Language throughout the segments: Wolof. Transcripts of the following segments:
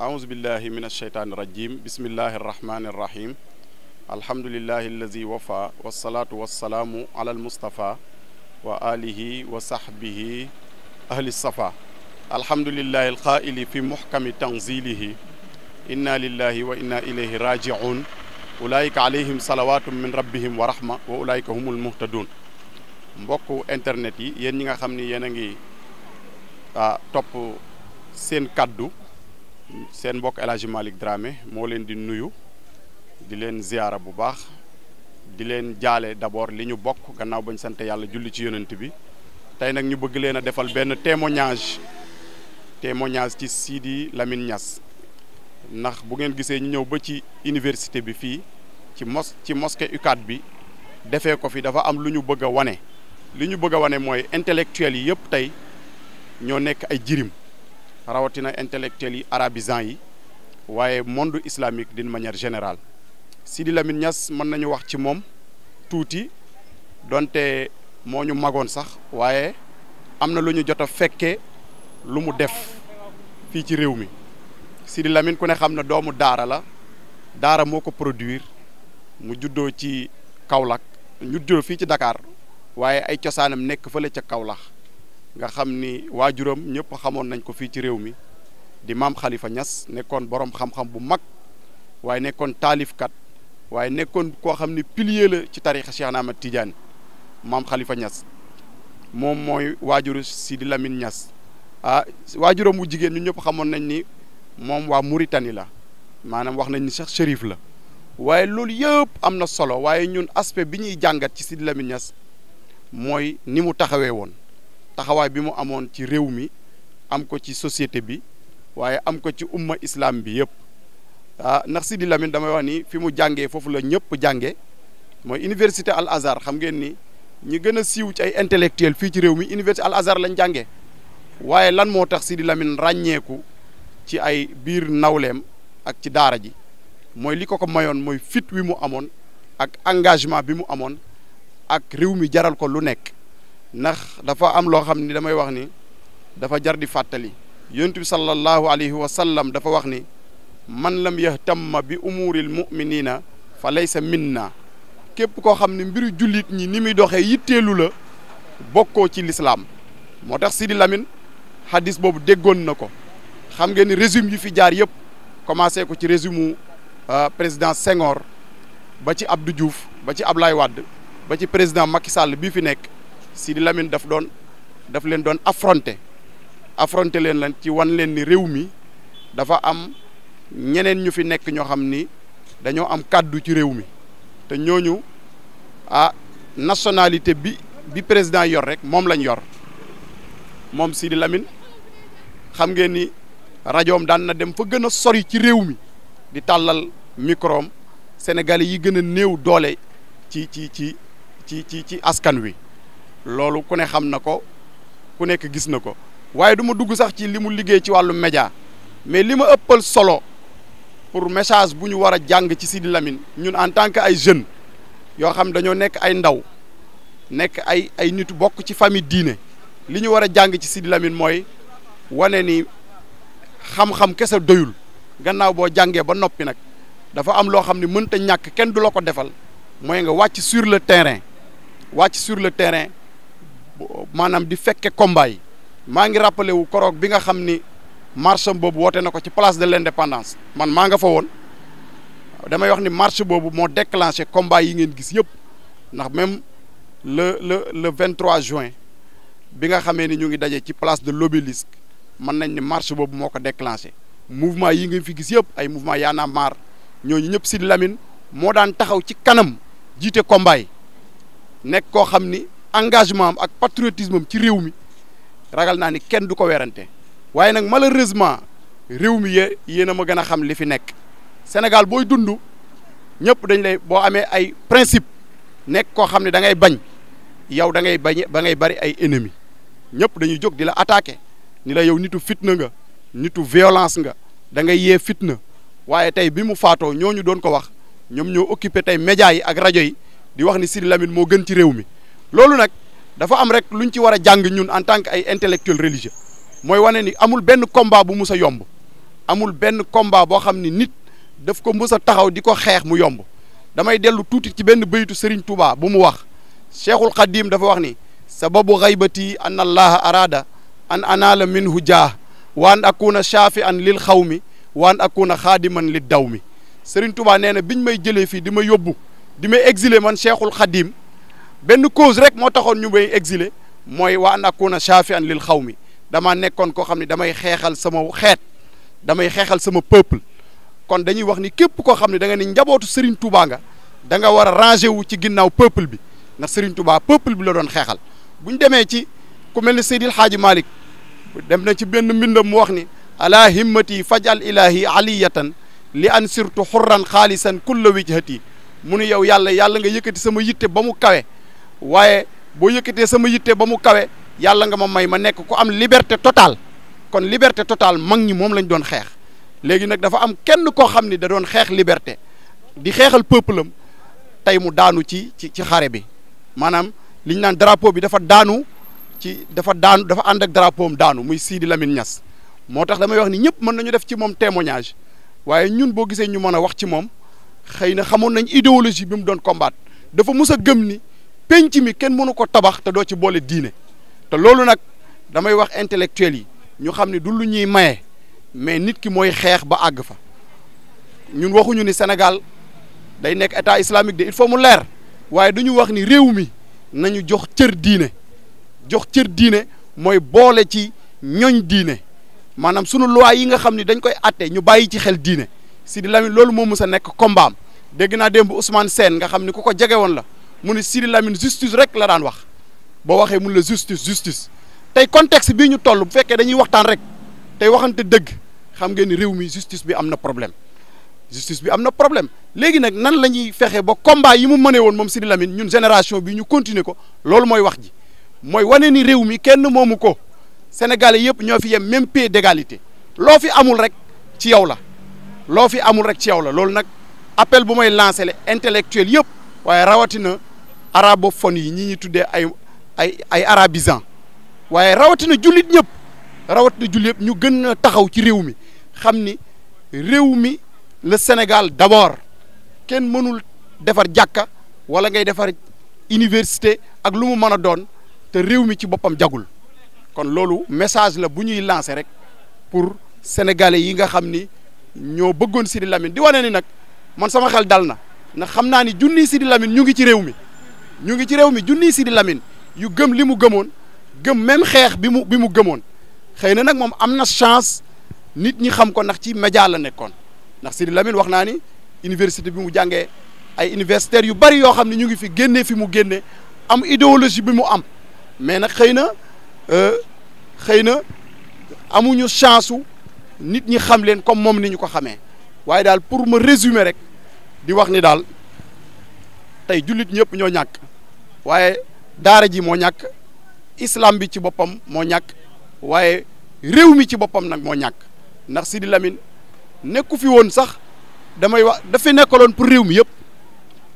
أعوذ بالله من الشيطان الرجيم بسم الله الرحمن الرحيم الحمد لله الذي وفى والصلاة والسلام على المصطفى وآله وصحبه أهل الصفا الحمد لله القائل في محكم تنزيله إنا لله وإنا إليه راجعون أولئك عليهم صلوات من ربهم ورحمة وأولئك هم المهتدون mbokku internet yi yéen ñi nga xam ni yéen a ngi topp seen kàddu seen mbokk El Hadj moo leen di nuyu di leen ziyaara bu baax di leen jaale d'abord li ñu bokk gannaaw bañ sant yàlla julli ci yonent bi tey nag ñu bëgg leen a defal benn témoignage témoignage ci Sidi Lamine Niass ndax bu ngeen gisee ñu ñëw ba ci université bi fii ci mos ci mosquée UCAD bi defee ko fi dafa am lu ñu bëgg a wane li ñu bëgg a wane mooy intellectuels yi yëpp tey ñoo nekk ay jirim rawatina intellectuels yi arabisan yi waaye monde islamique d'une manière générale Sidi Lamine ñas mën nañu wax ci moom tuuti donte moo ñu magoon sax waaye am na lu ñu jot a fekkee lu mu def fii ci réew mi Sidi lamin ku ne xam na doomu daara la daara moo ko produire mu juddoo ci Kaolack ñu juddoo fii ci Dakar waaye ay cosaanam nekk fële ca kawlax nga xam ni waajuram ñëpp xamoon nañ ko fii ci réew mi di maam xalifa ñas nekkoon boroom xam-xam bu mag waaye nekkoon taalifkat waaye nekkoon koo xam ni pilier la ci tarixa Cheikh Ahmad Tidiane maam xalifa ñas moom mooy waajur Sidi Lamine Niass ah waajuram wu jigéen ñun ñëpp xamoon nañ ni moom waa Mauritanie la maanaam wax nañ ni sax shérif la waaye loolu yëpp am na solo waaye ñun aspect bi ñuy jàngat ci Sidi Lamine Niass mooy ni mu taxawee woon taxawaay bi mu amoon ci réew mi am ko ci société bi waaye am ko ci umma islam bi yëpp ah ndax Sidi Lamine damay wax ni fi mu jàngee foofu la ñëpp jànge mooy université Al azar xam ngeen ni ñi gën a siiw ci ay intellectuel fii ci réew mi université Al Azhar lañ jàngee waaye lan moo tax Sidi Lamine ràññeeku ci ay biir nawleem ak ci daara ji mooy li ko ko mayoon mooy fit wi mu amoon ak engagement bi mu amoon ak réew mi jaral ko lu nekk ndax dafa am loo xam ni damay wax ni dafa jar di fàttali yonent bi sallallahu alayhi wa sallam dafa wax ni man lam yahtamma bi umuuril muminina fa lay laysa minna képp koo xam ne mbiru jullit ñi ni muy doxee yitteelu la bokkoo ci lislaam moo tax Sidi lamin hadis boobu déggoon na ko xam ngeen ni régime yi fi jaar yëpp commencé ko ci régime mu euh, président Senghor ba ci Abdou juuf ba ci ab Ablaye wàdd ba ci président Macky Sall bii fi nekk Sidi lamin daf doon daf leen doon affronter affronter leen lan ci wan leen ni réew mi dafa am ñeneen ñu fi nekk ñoo xam ni dañoo am kàddu ci réew mi te ñooñu ah nationalité bi bi président yor rek moom lañ yor moom Sidi lamin xam ngeen ni rajoom daan na dem fa gën a sori ci réew mi di tàllal microom sénégalais yi gën a néew doole ci ci ci ci ci ci askan wi lolou ku ne xam nako ku nek gis nako waye duma dugg sax ci limu ci walu média mais lima eppal solo pour message buñu wara jang ci Sidi Lamine ñun en tant que ay jeune yo xam dañu nek ay ndaw nek ay ay nitu bok ci famille diine liñu wara jang ci Sidi Lamine moy wane ni xam-xam kessa doyul gannaaw bo jangé ba nopi nak dafa am lo xamni mën ta ñak kenn du lako defal moy nga wacc sur le terrain wàcc sur le terrain manam di fekke combat yi ma ngi rappelé wu korok bi nga xamni marche bobu woté nako ci place de l'indépendance man ma nga fa woon wax ni marche bobu mo déclenché combat yi ngeen gis yëpp ndax même le le le 23 juin bi nga xamé ni ñu ngi dajé ci place de l'obélisque man nañ ni marche bobu moko déclencher déclenché mouvement yi ngeen fi gis yëpp ay mouvement yana mar, ñoo ñëpp ci Lamine mo daan taxaw ci kanam jité combat yi nekk koo xam ni engagement ak patriotisme ci réew mi ragal naa ni kenn du ko werante waaye nag malheureusement réew mi yee yéen a ma gën a xam li fi nekk Sénégal booy dund ñëpp dañ lay boo amee ay principe nekk koo xam ne da ngay bañ yow da ngay bañ ba ngay bari ay ennemis ñëpp dañuy jóg di la attaquer ni la yow nitu fitna nga nitu violence nga da ngay yee fitna waaye tey bi mu faatoo ñooñu doon ko wax ñoom ñoo occupé tey médias yi ak rajo yi di wax ni Sidi Lamine moo gën ci réew mi loolu nag dafa am rek luñ ci war a jàng ñun en tant que ay intellectuel religieux mooy wane ni amul benn combat bu mus a yomb amul benn combat boo xam ni nit daf ko mus a taxaw di ko xeex mu yomb damay dellu tuuti ci benn béytu Serigne Touba bu mu wax Cheikhul Khadim dafa wax ni sababu xaybati an allaha arada an anaala minhu jaah wa an akuna shaafi an lil xaw mi wa an akuna xaadiman lid daw mi Serigne Touba nee na biñ may jëlee fii di ma yóbbu di exilé man cheikhul khadim ben cause rek mo taxone ñu bay exilé moy wa an shafian lil khawmi dama nekkon ko xamni damay xéxal sama xeet damay xéxal sama peuple kon dañuy wax ni képp ko xamni da nga ni njabotu Serigne Touba nga da nga wara ranger wu ci ginnaw peuple bi na Serigne Touba peuple bi la doon xéxal buñ démé ci ku melni ne Seydil Hadji malik dem na ci ben mbindam mu wax ni ala himmati fajal ilahi aliyatan li ansirtu hurran khalisan kullu wijhati mu ne yow yàlla yàlla nga yëkkati sama yitte ba mu kawe waaye boo yëkkatee sama yitte ba mu kawe yàlla nga ma may ma nekk ko am liberté total kon liberté total mag ñi moom lañ doon xeex léegi nag dafa am kenn koo xam ni da doon xeex liberté di xeexal peuple am tey mu daanu ci ci ci xare bi maanaam li naan drapeau bi dafa daanu ci dafa daanu dafa ànd ak drapeau am daanu muy Sidi Lamine ñas moo tax damay wax ni ñëpp mën nañu def ci moom témoignage waaye ñun boo gisee ñu mën a wax ci moom. xëy na xamoon nañ idéologie bi mu doon combat dafa mus a gëm ni penc mi kenn mënu ko tabax te doo ci boole diine te loolu nag damay wax intellectuel yi ñu xam ne du lu ñuy maye mais nit ki mooy xeex ba àgg fa ñun waxuñu ni Sénégal day nekk état islamique de il faut mu leer waaye du ñu wax ni réew mi nañu jox cër diine jox cër diine mooy boole ci ñoñ diine maanaam sunu loi yi nga xam ni dañ koy atte ñu bàyyi ci xel diine Sidi Lamine loolu mo mës a nekk combat, dégg dembu Ousmane Sène nga xamni kuko ku won la mune Sidi Lamine justice rek la daan wax bo waxé mune la justice justice tey contexte bi ñu tollu bu fekkee dañuy waxtaan rek tay waxante dëgg xam ngeen réew mi justice bi amna problème justice bi amna problème légui nak nan lañuy fexé ba combat yi mu mëné won mom Sidi Lamine ñun génération bi ñu continuer ko loolu moy wax ji moy wane ni réew mi kenn muko, sénégalais yépp ñofi yem même pied d'égalité lo fi amul rek ci yow la loo fi amul rek ci yow la loolu nag appel bu may lancé le intellectuel yëpp waaye rawatina arabophone yi ñi ñuy tuddee ay ay ay arabisant waaye rawatina jullit ñëpp rawatina jullit yëpp ñu gën a taxaw ci réew mi xam ni réew mi le Sénégal d'abord kenn mënul defar jàkka wala ngay defar université ak lu mu mën a doon te réew mi ci boppam jagul kon loolu message la bu ñuy lancer rek pour sénégalais yi nga xam ni ñoo bëggoon Sidi Lamine di wane ni nag man sama xel dal na ndax xam naa ni junniy Sidi Lamine ñu ngi ci réew mi ñu ngi ci réew mi junniy Sidi Lamine yu gëm li mu gëmoon gëm même xeex bi mu bi mu gëmoon xëy na nag moom am na chance nit ñi xam ko ndax ci média la nekkoon ndax Sidi Lamine wax naa ni université bi mu jàngee ay universitaires yu bari yoo xam ne ñu ngi fi génnee fi mu génnee am idéologie bi mu am mais nag xëy na euh, xëy na amuñu chance nit ñi xam leen comme moom ni ñu ko xamee waaye daal pour ma résumer rek di wax ni daal tey jullit ñëpp ñoo ñàkk waaye daara ji moo ñàkk islam bi ci boppam moo ñàkk waaye réew mi ci boppam nag moo ñàkk ndax Sidi Lamine nekku fi woon sax damay wax dafa nekkaloon pour réew mi yëpp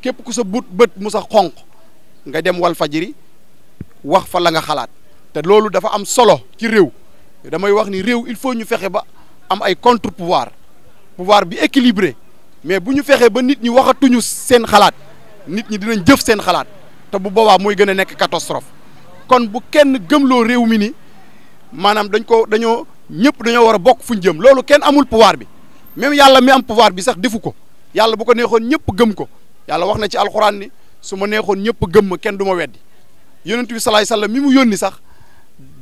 képp ku sa but bët mu sax xonq nga dem wal fajiri wax fa la nga xalaat te loolu dafa am solo ci réew damay wax ni réew il faut ñu fexe ba am ay contre pouvoir pouvoir bi équilibré mais buñu fexé ba nit ñi waxatuñu seen xalaat nit ñi dinañ jëf seen xalaat te bu boba moy gëna nek catastrophe kon bu kenn gëmloo réew mi ni manam dañ ko daño ñëpp daño wara bok fuñu jëm loolu kenn amul pouvoir bi même yalla mi am pouvoir bi sax defu ko yàlla bu ko neexon ñëpp gëm ko yalla wax na ci alcorane ni suma neexon ñëpp gëm kenn duma wéddi weddi bi sallallahu alayhi wasallam mi mu yoni sax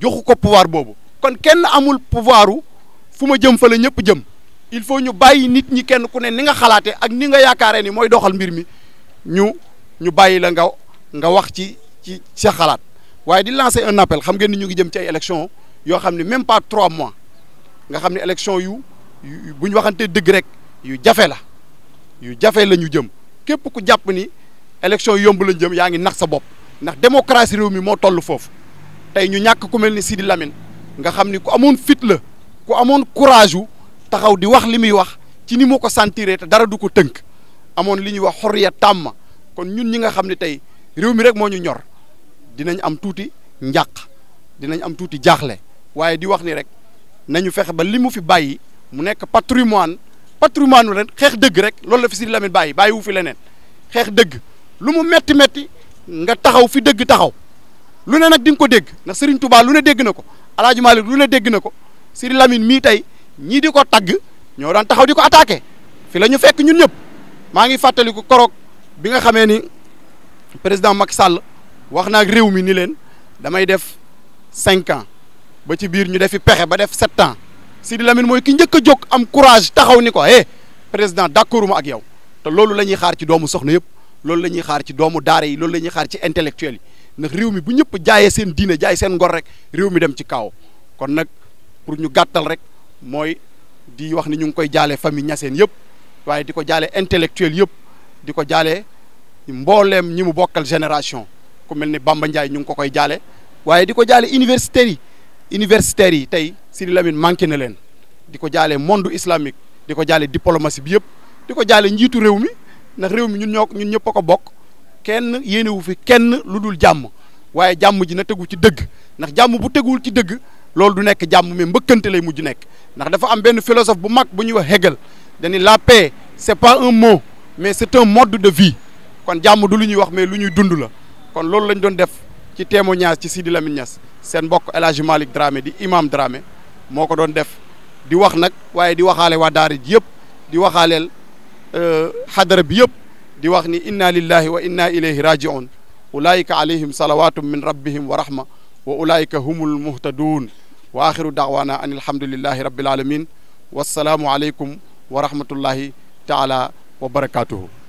joxuko pouvoir bobu kon kenn amul pouvoiru fu ma jëm fa la ñëpp jëm il faut ñu bàyyi nit ñi kenn ku ne ni nga xalaate ak ni nga yaakaaree ni mooy doxal mbir mi ñu ñu bàyyi la nga nga wax ci ci sa xalaat waaye di lancer un appel xam geen ni ñu ngi jëm ci ay élection yoo xam ne même pas trois mois nga xam ne élection yu bu ñu waxante dëgg rek yu jafe la yu jafe la ñu jëm képp ku jàpp ni élection yomb la jëm yaa ngi nax sa bopp ndax démocratie réew mi moo toll foofu tey ñu ñàkk ku mel ni Sidi Lamine nga xam ni ku amoon fit la ku amoon courage wu taxaw di wax li muy wax ci ni mu ko sentiré te dara du ko tënk amoon li ñuy wax xorriya tàmma kon ñun ñi nga xam ne tey réew mi rek moo ñu ñor dinañ am tuuti njàq dinañ am tuuti jaaxle waaye di wax ni rek nañu fexe ba li mu fi bàyyi mu nekk patrimoine patrimoine ren xeex dëgg rek loolu la fi si Lamine bàyyi bàyyi wu fi leneen xeex dëgg lu mu metti metti nga taxaw fi dëgg taxaw lu ne nag di nga ko dégg ndax Serigne Touba lu ne dégg na ko El Hadj lu ne dégg na ko. Siri Lamine mi tay ñi di ko tagg ñoo daan taxaw di ko fi lañu fekk ñun ñëpp ma ngi fàttaliku korok bi nga xamé ni président Macky Sall wax ak réew ni leen damay def 5 ans ba ci biir ñu defi pexé ba def 7 ans lamin Lamine moy ki ñëk a am courage taxaw ni ko eh président d'accord ma ak yow té loolu lañuy xaar ci doomu soxna yëpp loolu lañuy xaar ci doomu daara yi loolu lañuy xaar ci intellectuel yi nak réew mi bu ñëpp jaayé seen diiné jaay seen ngor rek réew mi dem ci kaw kon nak pour ñu gâter, rek moy di wax ni ñu ngi koy jalé famille ñaseen yépp waye diko jalé intellectuel yépp diko jalé mbollem ñi génération ku melni Bamba Ndiaye ñu ngi koy jalé Lamine na len diko jalé monde islamique diko jalé diplomatie bi yépp diko jalé njitu rewmi nak rewmi ñun ko bok kenn wu fi kenn ludul jamm waye jamm ji na teggu ci lolou du nek jamm mi mbëkkante lay mujj nek ndax dafa am ben philosophe bu mak bu ñu wax Hegel dañu la paix c'est pas un mot mais c'est un mode de vie kon jamm du lu ñuy wax mais lu ñuy dund la kon lolou lañ doon def ci témoignage ci Sidi Lamine Niass sen bokk elage malik Dramé di imam Dramé moko doon def di wax nak waye di waxale wa daara ji di di euh hadra bi yëpp di wax ni inna lillahi wa inna ilayhi rajiun ulaika alayhim salawatum min rabbihim wa rahma wa ulaika humul muhtadun واخر دعوانا ان الحمد لله رب العالمين والسلام عليكم ورحمه الله تعالى وبركاته